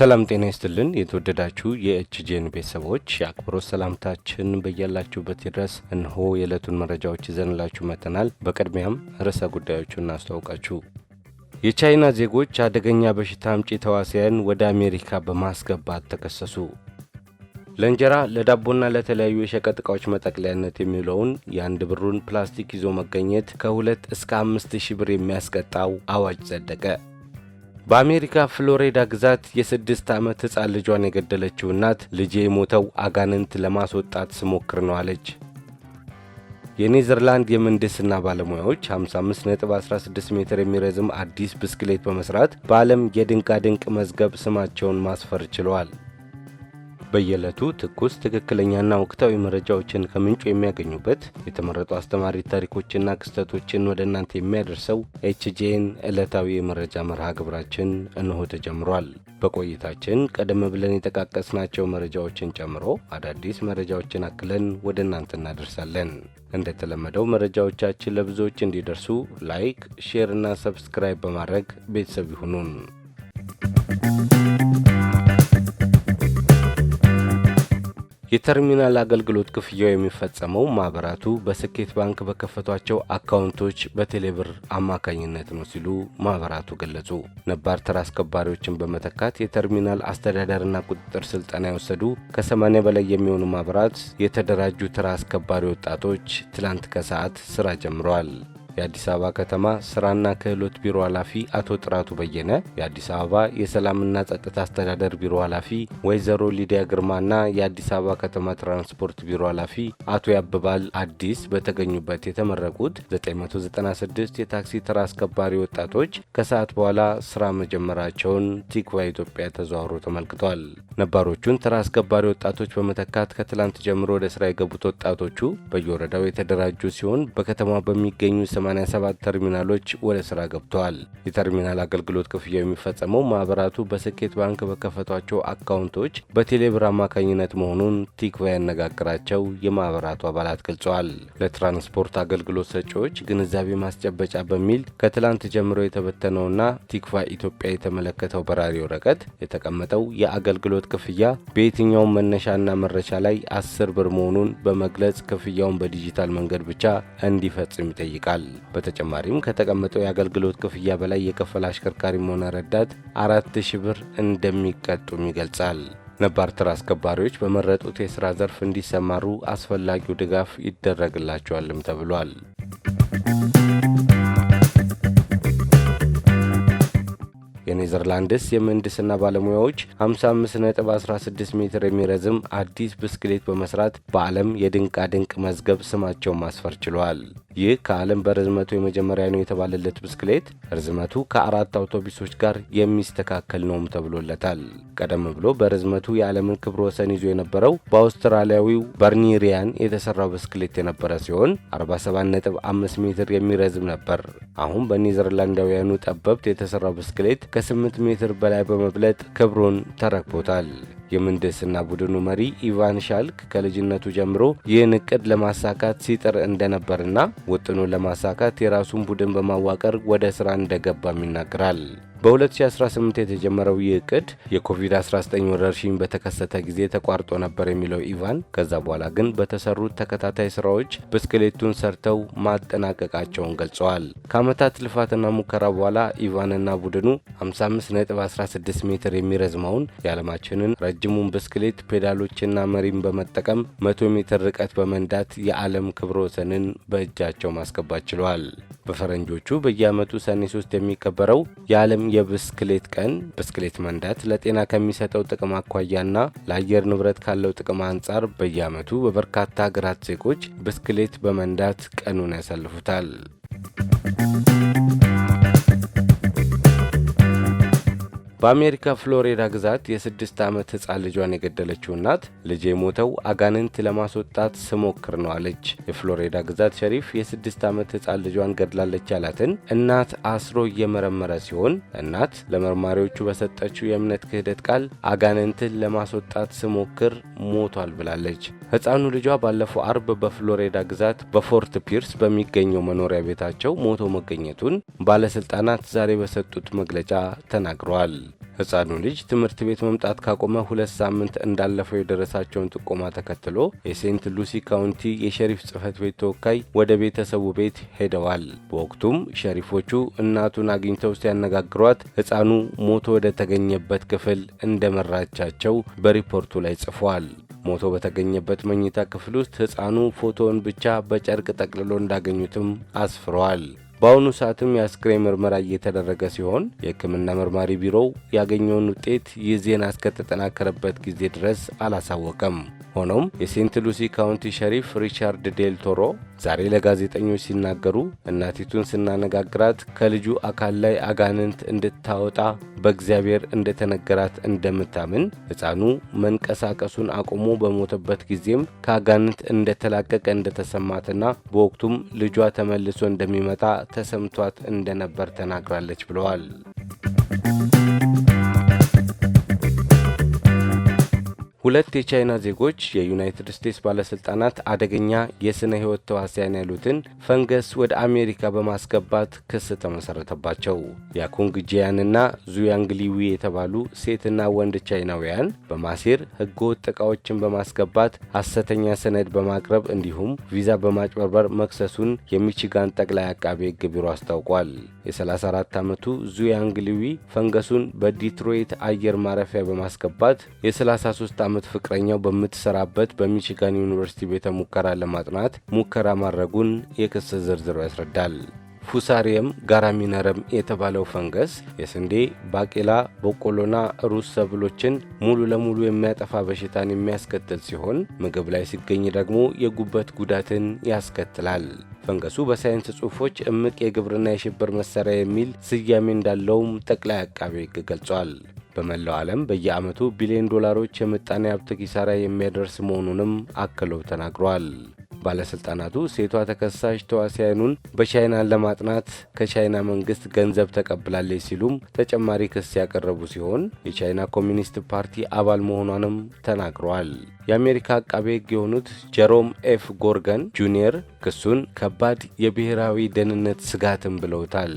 ሰላም ጤና ይስጥልን የተወደዳችሁ የኤችጄን ቤተሰቦች የአክብሮት ሰላምታችን በያላችሁበት ድረስ እንሆ የዕለቱን መረጃዎች ይዘንላችሁ መጥተናል። በቅድሚያም ርዕሰ ጉዳዮቹን እናስተዋውቃችሁ። የቻይና ዜጎች አደገኛ በሽታ አምጪ ተዋሲያን ወደ አሜሪካ በማስገባት ተከሰሱ። ለእንጀራ ለዳቦና ለተለያዩ የሸቀጥ ዕቃዎች መጠቅለያነት የሚውለውን የአንድ ብሩን ፕላስቲክ ይዞ መገኘት ከሁለት እስከ አምስት ሺህ ብር የሚያስቀጣው አዋጅ ጸደቀ። በአሜሪካ ፍሎሪዳ ግዛት የስድስት ዓመት ሕፃን ልጇን የገደለችው እናት ልጄ የሞተው አጋንንት ለማስወጣት ስሞክር ነው አለች። የኔዘርላንድ የምህንድስና ባለሙያዎች 55.16 ሜትር የሚረዝም አዲስ ብስክሌት በመስራት በዓለም የድንቃድንቅ መዝገብ ስማቸውን ማስፈር ችለዋል። በየዕለቱ ትኩስ ትክክለኛና ወቅታዊ መረጃዎችን ከምንጩ የሚያገኙበት የተመረጡ አስተማሪ ታሪኮችና ክስተቶችን ወደ እናንተ የሚያደርሰው ኤችጄን ዕለታዊ የመረጃ መርሃ ግብራችን እንሆ ተጀምሯል። በቆይታችን ቀደም ብለን የጠቃቀስናቸው መረጃዎችን ጨምሮ አዳዲስ መረጃዎችን አክለን ወደ እናንተ እናደርሳለን። እንደተለመደው መረጃዎቻችን ለብዙዎች እንዲደርሱ ላይክ፣ ሼር እና ሰብስክራይብ በማድረግ ቤተሰብ ይሁኑን። የተርሚናል አገልግሎት ክፍያው የሚፈጸመው ማህበራቱ በስኬት ባንክ በከፈቷቸው አካውንቶች በቴሌብር አማካኝነት ነው ሲሉ ማህበራቱ ገለጹ። ነባር ተራ አስከባሪዎችን በመተካት የተርሚናል አስተዳደርና ቁጥጥር ስልጠና የወሰዱ ከ80 በላይ የሚሆኑ ማህበራት የተደራጁ ተራ አስከባሪ ወጣቶች ትላንት ከሰዓት ስራ ጀምረዋል። የአዲስ አበባ ከተማ ስራና ክህሎት ቢሮ ኃላፊ አቶ ጥራቱ በየነ፣ የአዲስ አበባ የሰላምና ጸጥታ አስተዳደር ቢሮ ኃላፊ ወይዘሮ ሊዲያ ግርማና የአዲስ አበባ ከተማ ትራንስፖርት ቢሮ ኃላፊ አቶ ያብባል አዲስ በተገኙበት የተመረቁት 996 የታክሲ ተራ አስከባሪ ወጣቶች ከሰዓት በኋላ ስራ መጀመራቸውን ቲክቫ ኢትዮጵያ ተዘዋውሮ ተመልክቷል። ነባሮቹን ተራ አስከባሪ ወጣቶች በመተካት ከትላንት ጀምሮ ወደ ስራ የገቡት ወጣቶቹ በየወረዳው የተደራጁ ሲሆን በከተማ በሚገኙ 87 ተርሚናሎች ወደ ስራ ገብተዋል። የተርሚናል አገልግሎት ክፍያ የሚፈጸመው ማህበራቱ በስኬት ባንክ በከፈቷቸው አካውንቶች በቴሌብር አማካኝነት መሆኑን ቲክቫ ያነጋገራቸው የማህበራቱ አባላት ገልጸዋል። ለትራንስፖርት አገልግሎት ሰጪዎች ግንዛቤ ማስጨበጫ በሚል ከትላንት ጀምሮ የተበተነውና ቲክቫ ኢትዮጵያ የተመለከተው በራሪ ወረቀት የተቀመጠው የአገልግሎት ክፍያ በየትኛውም መነሻና መረሻ ላይ አስር ብር መሆኑን በመግለጽ ክፍያውን በዲጂታል መንገድ ብቻ እንዲፈጽም ይጠይቃል። በተጨማሪም ከተቀመጠው የአገልግሎት ክፍያ በላይ የከፈለ አሽከርካሪም ሆነ ረዳት አራት ብር እንደሚቀጡም ይገልጻል። ነባር ትራ አስከባሪዎች በመረጡት የሥራ ዘርፍ እንዲሰማሩ አስፈላጊው ድጋፍ ይደረግላቸዋልም ተብሏል። በኔዘርላንድስ የምህንድስና ባለሙያዎች 55.16 ሜትር የሚረዝም አዲስ ብስክሌት በመስራት በዓለም የድንቃድንቅ መዝገብ ስማቸውን ማስፈር ችሏል። ይህ ከዓለም በርዝመቱ የመጀመሪያ ነው የተባለለት ብስክሌት ርዝመቱ ከአራት አውቶቡሶች ጋር የሚስተካከል ነውም ተብሎለታል። ቀደም ብሎ በርዝመቱ የዓለምን ክብረ ወሰን ይዞ የነበረው በአውስትራሊያዊው በርኒሪያን የተሰራው ብስክሌት የነበረ ሲሆን 47.5 ሜትር የሚረዝም ነበር። አሁን በኔዘርላንዳውያኑ ጠበብት የተሰራው ብስክሌት ከ ከ8 ሜትር በላይ በመብለጥ ክብሩን ተረክቦታል። የምንድስና ቡድኑ መሪ ኢቫን ሻልክ ከልጅነቱ ጀምሮ ይህን እቅድ ለማሳካት ሲጥር እንደነበርና ውጥኑን ለማሳካት የራሱን ቡድን በማዋቀር ወደ ስራ እንደገባም ይናገራል። በ2018 የተጀመረው ይህ እቅድ የኮቪድ-19 ወረርሽኝ በተከሰተ ጊዜ ተቋርጦ ነበር የሚለው ኢቫን፣ ከዛ በኋላ ግን በተሰሩት ተከታታይ ስራዎች ብስክሌቱን ሰርተው ማጠናቀቃቸውን ገልጸዋል። ከአመታት ልፋትና ሙከራ በኋላ ኢቫንና ቡድኑ 55.16 ሜትር የሚረዝመውን የዓለማችንን ረጅሙን ብስክሌት ፔዳሎችና መሪን በመጠቀም 100 ሜትር ርቀት በመንዳት የዓለም ክብረ ወሰንን በእጃቸው ማስገባት ችለዋል። በፈረንጆቹ በየዓመቱ ሰኔ 3 የሚከበረው የዓለም የብስክሌት ቀን ብስክሌት መንዳት ለጤና ከሚሰጠው ጥቅም አኳያና ለአየር ንብረት ካለው ጥቅም አንጻር በየዓመቱ በበርካታ ሀገራት ዜጎች ብስክሌት በመንዳት ቀኑን ያሳልፉታል። በአሜሪካ ፍሎሪዳ ግዛት የስድስት ዓመት ህፃን ልጇን የገደለችው እናት ልጄ ሞተው አጋንንት ለማስወጣት ስሞክር ነው አለች። የፍሎሪዳ ግዛት ሸሪፍ የስድስት ዓመት ህፃን ልጇን ገድላለች ያላትን እናት አስሮ እየመረመረ ሲሆን እናት ለመርማሪዎቹ በሰጠችው የእምነት ክህደት ቃል አጋንንትን ለማስወጣት ስሞክር ሞቷል ብላለች። ህፃኑ ልጇ ባለፈው አርብ በፍሎሪዳ ግዛት በፎርት ፒርስ በሚገኘው መኖሪያ ቤታቸው ሞቶ መገኘቱን ባለስልጣናት ዛሬ በሰጡት መግለጫ ተናግረዋል። ህፃኑ ልጅ ትምህርት ቤት መምጣት ካቆመ ሁለት ሳምንት እንዳለፈው የደረሳቸውን ጥቆማ ተከትሎ የሴንት ሉሲ ካውንቲ የሸሪፍ ጽህፈት ቤት ተወካይ ወደ ቤተሰቡ ቤት ሄደዋል። በወቅቱም ሸሪፎቹ እናቱን አግኝተው ሲያነጋግሯት ህፃኑ ሞቶ ወደ ተገኘበት ክፍል እንደመራቻቸው በሪፖርቱ ላይ ጽፏል። ሞቶ በተገኘበት መኝታ ክፍል ውስጥ ህፃኑ ፎቶውን ብቻ በጨርቅ ጠቅልሎ እንዳገኙትም አስፍረዋል። በአሁኑ ሰዓትም የአስክሬን ምርመራ እየተደረገ ሲሆን የሕክምና መርማሪ ቢሮው ያገኘውን ውጤት ይህ ዜና እስከተጠናከረበት ጊዜ ድረስ አላሳወቀም። ሆኖም የሴንት ሉሲ ካውንቲ ሸሪፍ ሪቻርድ ዴል ቶሮ ዛሬ ለጋዜጠኞች ሲናገሩ እናቲቱን ስናነጋግራት ከልጁ አካል ላይ አጋንንት እንድታወጣ በእግዚአብሔር እንደተነገራት እንደምታምን ሕፃኑ መንቀሳቀሱን አቁሞ በሞተበት ጊዜም ከአጋንንት እንደተላቀቀ እንደተሰማትና በወቅቱም ልጇ ተመልሶ እንደሚመጣ ተሰምቷት እንደነበር ተናግራለች ብለዋል። ሁለት የቻይና ዜጎች የዩናይትድ ስቴትስ ባለሥልጣናት አደገኛ የሥነ ሕይወት ተዋሲያን ያሉትን ፈንገስ ወደ አሜሪካ በማስገባት ክስ ተመሠረተባቸው። ያኩንግ ጂያንና ዙያንግሊዊ የተባሉ ሴትና ወንድ ቻይናውያን በማሴር ሕገወጥ ዕቃዎችን በማስገባት ሐሰተኛ ሰነድ በማቅረብ እንዲሁም ቪዛ በማጭበርበር መክሰሱን የሚችጋን ጠቅላይ አቃቤ ሕግ ቢሮ አስታውቋል። የ34 ዓመቱ ዙያንግሊዊ ፈንገሱን በዲትሮይት አየር ማረፊያ በማስገባት የ33 ዓመት ፍቅረኛው በምትሰራበት በሚችጋን ዩኒቨርሲቲ ቤተ ሙከራ ለማጥናት ሙከራ ማድረጉን የክስ ዝርዝሩ ያስረዳል። ፉሳሪየም ጋራሚነረም የተባለው ፈንገስ የስንዴ፣ ባቄላ፣ በቆሎና ሩዝ ሰብሎችን ሙሉ ለሙሉ የሚያጠፋ በሽታን የሚያስከትል ሲሆን ምግብ ላይ ሲገኝ ደግሞ የጉበት ጉዳትን ያስከትላል። ፈንገሱ በሳይንስ ጽሑፎች እምቅ የግብርና የሽብር መሳሪያ የሚል ስያሜ እንዳለውም ጠቅላይ አቃቤ ሕግ ገልጿል። በመላው ዓለም በየዓመቱ ቢሊዮን ዶላሮች የምጣኔ ሀብት ኪሳራ የሚያደርስ መሆኑንም አክለው ተናግሯል። ባለሥልጣናቱ ሴቷ ተከሳሽ ተዋሲያኑን በቻይና ለማጥናት ከቻይና መንግስት ገንዘብ ተቀብላለች ሲሉም ተጨማሪ ክስ ያቀረቡ ሲሆን የቻይና ኮሚኒስት ፓርቲ አባል መሆኗንም ተናግረዋል። የአሜሪካ አቃቤ ሕግ የሆኑት ጀሮም ኤፍ ጎርገን ጁኒየር ክሱን ከባድ የብሔራዊ ደህንነት ስጋትም ብለውታል።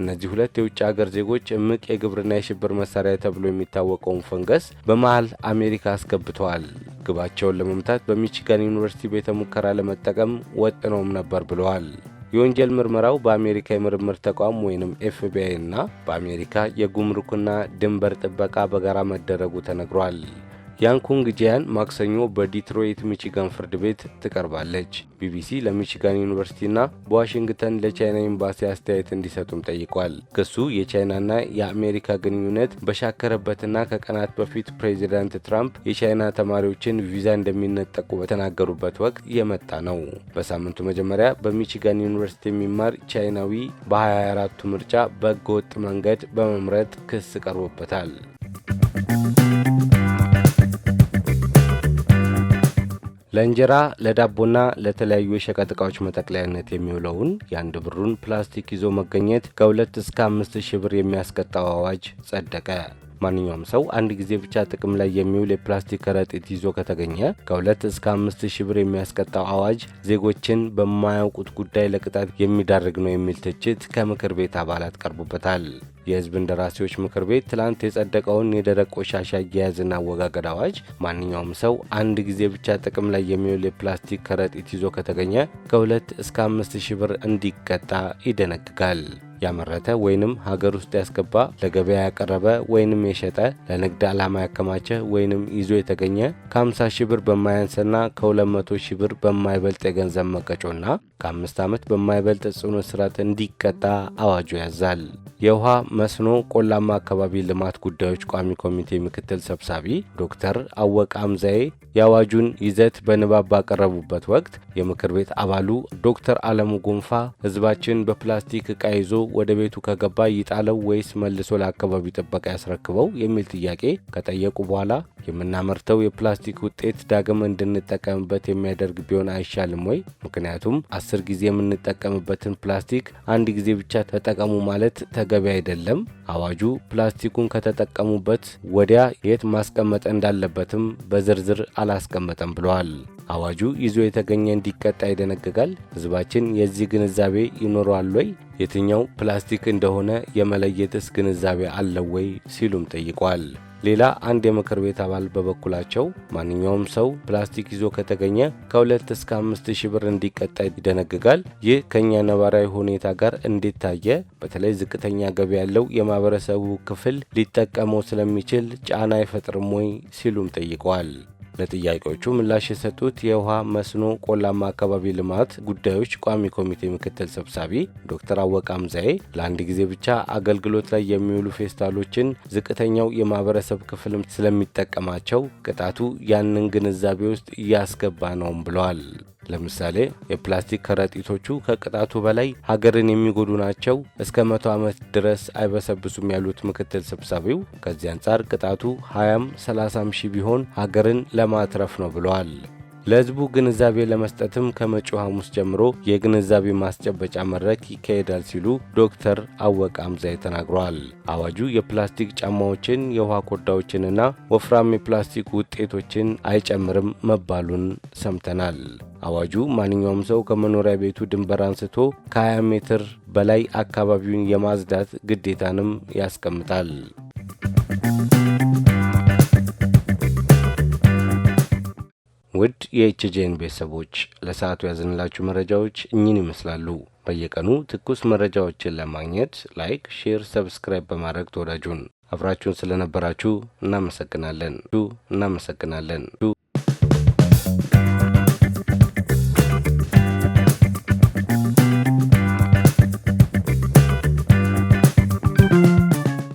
እነዚህ ሁለት የውጭ ሀገር ዜጎች እምቅ የግብርና የሽብር መሳሪያ ተብሎ የሚታወቀውን ፈንገስ በመሀል አሜሪካ አስገብተዋል። ግባቸውን ለመምታት በሚቺጋን ዩኒቨርሲቲ ቤተ ሙከራ ለመጠቀም ወጥነውም ነበር ብለዋል። የወንጀል ምርመራው በአሜሪካ የምርምር ተቋም ወይም ኤፍቢአይ እና በአሜሪካ የጉምሩክና ድንበር ጥበቃ በጋራ መደረጉ ተነግሯል። ያንኩንግ ጂያን ማክሰኞ በዲትሮይት ሚቺጋን ፍርድ ቤት ትቀርባለች። ቢቢሲ ለሚቺጋን ዩኒቨርሲቲና በዋሽንግተን ለቻይና ኤምባሲ አስተያየት እንዲሰጡም ጠይቋል። ክሱ የቻይናና የአሜሪካ ግንኙነት በሻከረበትና ከቀናት በፊት ፕሬዚዳንት ትራምፕ የቻይና ተማሪዎችን ቪዛ እንደሚነጠቁ በተናገሩበት ወቅት የመጣ ነው። በሳምንቱ መጀመሪያ በሚቺጋን ዩኒቨርሲቲ የሚማር ቻይናዊ በ24ቱ ምርጫ በህገወጥ መንገድ በመምረጥ ክስ ቀርቦበታል። ለእንጀራ ለዳቦና ለተለያዩ የሸቀጥ እቃዎች መጠቅለያነት የሚውለውን የአንድ ብሩን ፕላስቲክ ይዞ መገኘት ከሁለት እስከ አምስት ሺህ ብር የሚያስቀጣው አዋጅ ጸደቀ። ማንኛውም ሰው አንድ ጊዜ ብቻ ጥቅም ላይ የሚውል የፕላስቲክ ከረጢት ይዞ ከተገኘ ከሁለት እስከ አምስት ሺህ ብር የሚያስቀጣው አዋጅ ዜጎችን በማያውቁት ጉዳይ ለቅጣት የሚዳርግ ነው የሚል ትችት ከምክር ቤት አባላት ቀርቦበታል። የሕዝብ እንደራሴዎች ምክር ቤት ትላንት የጸደቀውን የደረቅ ቆሻሻ አያያዝና አወጋገድ አዋጅ ማንኛውም ሰው አንድ ጊዜ ብቻ ጥቅም ላይ የሚውል የፕላስቲክ ከረጢት ይዞ ከተገኘ ከሁለት እስከ አምስት ሺህ ብር እንዲቀጣ ይደነግጋል። ያመረተ ወይንም ሀገር ውስጥ ያስገባ፣ ለገበያ ያቀረበ ወይንም የሸጠ፣ ለንግድ ዓላማ ያከማቸ ወይንም ይዞ የተገኘ ከ50 ሺህ ብር በማያንስና ከ200 ሺህ ብር በማይበልጥ የገንዘብ መቀጮና ከአምስት ዓመት በማይበልጥ ጽኑ እስራት እንዲቀጣ አዋጁ ያዛል። የውሃ መስኖ ቆላማ አካባቢ ልማት ጉዳዮች ቋሚ ኮሚቴ ምክትል ሰብሳቢ ዶክተር አወቀ አምዛዬ የአዋጁን ይዘት በንባብ ባቀረቡበት ወቅት የምክር ቤት አባሉ ዶክተር አለሙ ጎንፋ ህዝባችን በፕላስቲክ ዕቃ ይዞ ወደ ቤቱ ከገባ ይጣለው ወይስ መልሶ ለአካባቢ ጥበቃ ያስረክበው የሚል ጥያቄ ከጠየቁ በኋላ የምናመርተው የፕላስቲክ ውጤት ዳግም እንድንጠቀምበት የሚያደርግ ቢሆን አይሻልም ወይ? ምክንያቱም አስር ጊዜ የምንጠቀምበትን ፕላስቲክ አንድ ጊዜ ብቻ ተጠቀሙ ማለት ተገቢ አይደለም። አዋጁ ፕላስቲኩን ከተጠቀሙበት ወዲያ የት ማስቀመጥ እንዳለበትም በዝርዝር አላስቀመጠም ብለዋል። አዋጁ ይዞ የተገኘ እንዲቀጣ ይደነግጋል። ህዝባችን የዚህ ግንዛቤ ይኖረዋል ወይ? የትኛው ፕላስቲክ እንደሆነ የመለየትስ ግንዛቤ አለው ወይ? ሲሉም ጠይቋል። ሌላ አንድ የምክር ቤት አባል በበኩላቸው ማንኛውም ሰው ፕላስቲክ ይዞ ከተገኘ ከሁለት እስከ አምስት ሺህ ብር እንዲቀጣ ይደነግጋል። ይህ ከእኛ ነባራዊ ሁኔታ ጋር እንዴት ታየ? በተለይ ዝቅተኛ ገቢ ያለው የማህበረሰቡ ክፍል ሊጠቀመው ስለሚችል ጫና አይፈጥርም ወይ? ሲሉም ጠይቀዋል። ለጥያቄዎቹ ምላሽ የሰጡት የውሃ መስኖ፣ ቆላማ አካባቢ ልማት ጉዳዮች ቋሚ ኮሚቴ ምክትል ሰብሳቢ ዶክተር አወቀ አምዛዬ ለአንድ ጊዜ ብቻ አገልግሎት ላይ የሚውሉ ፌስታሎችን ዝቅተኛው የማህበረሰብ ክፍልም ስለሚጠቀማቸው ቅጣቱ ያንን ግንዛቤ ውስጥ እያስገባ ነውም ብለዋል። ለምሳሌ የፕላስቲክ ከረጢቶቹ ከቅጣቱ በላይ ሀገርን የሚጎዱ ናቸው፣ እስከ መቶ ዓመት ድረስ አይበሰብሱም ያሉት ምክትል ሰብሳቢው ከዚህ አንጻር ቅጣቱ 20ም 30ም ሺህ ቢሆን ሀገርን ለማትረፍ ነው ብለዋል። ለህዝቡ ግንዛቤ ለመስጠትም ከመጪው ሐሙስ ጀምሮ የግንዛቤ ማስጨበጫ መድረክ ይካሄዳል ሲሉ ዶክተር አወቀ አምዛይ ተናግረዋል። አዋጁ የፕላስቲክ ጫማዎችን፣ የውሃ ኮዳዎችንና ወፍራም የፕላስቲክ ውጤቶችን አይጨምርም መባሉን ሰምተናል። አዋጁ ማንኛውም ሰው ከመኖሪያ ቤቱ ድንበር አንስቶ ከ20 ሜትር በላይ አካባቢውን የማጽዳት ግዴታንም ያስቀምጣል። ውድ የኤችጄን ቤተሰቦች ለሰዓቱ ያዘንላችሁ መረጃዎች እኝን ይመስላሉ። በየቀኑ ትኩስ መረጃዎችን ለማግኘት ላይክ፣ ሼር፣ ሰብስክራይብ በማድረግ ተወዳጁን አብራችሁን ስለነበራችሁ እናመሰግናለን እናመሰግናለን።